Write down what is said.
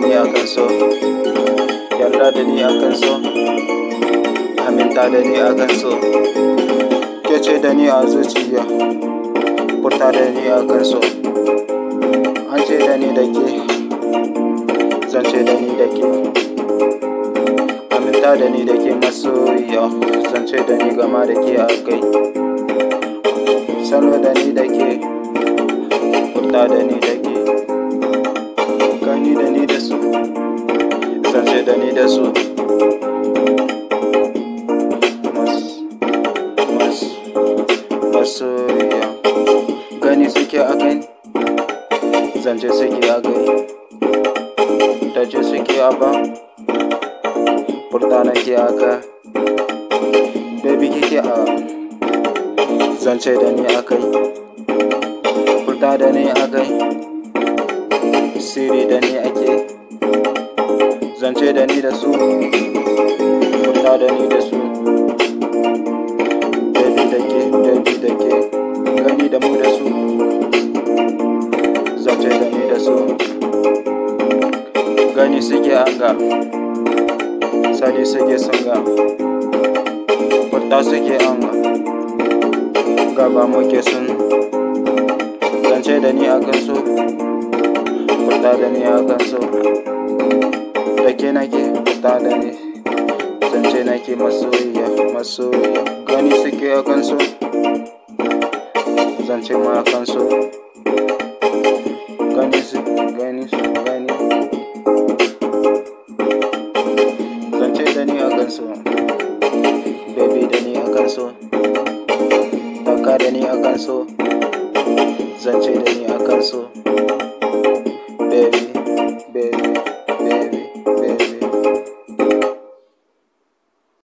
da ni akan so yarda da ni akan so aminta da ni akan so kece da ni a zuciya furta da ni akan so an ce da ni da ke zance da ni da ke aminta da ni da ke masoya zance da ni gama da ke a kai salo da ni da ke furta da ni ne da ni da su masoya gani suke a kai zance suke a kai dace suke a ba furta ke a ka baby kike a zance da ni a kai furta da ni a kai siri da ni ake zance da ni da su kuta da ni da su daidai da ke daidai da ke gami da mu da su zance da ni da su gani suke anga sani suke sanga kuta suke anga gaba muke sun zance da ni a kan so da ni a kan zance nake ta da ne zance nake masoyiya masoyiya gani suke a kansu zance ma a kansu gani su gani su gani zance da ni a kansu baby da ni a kansu taka da ni a kansu zance da ni a kansu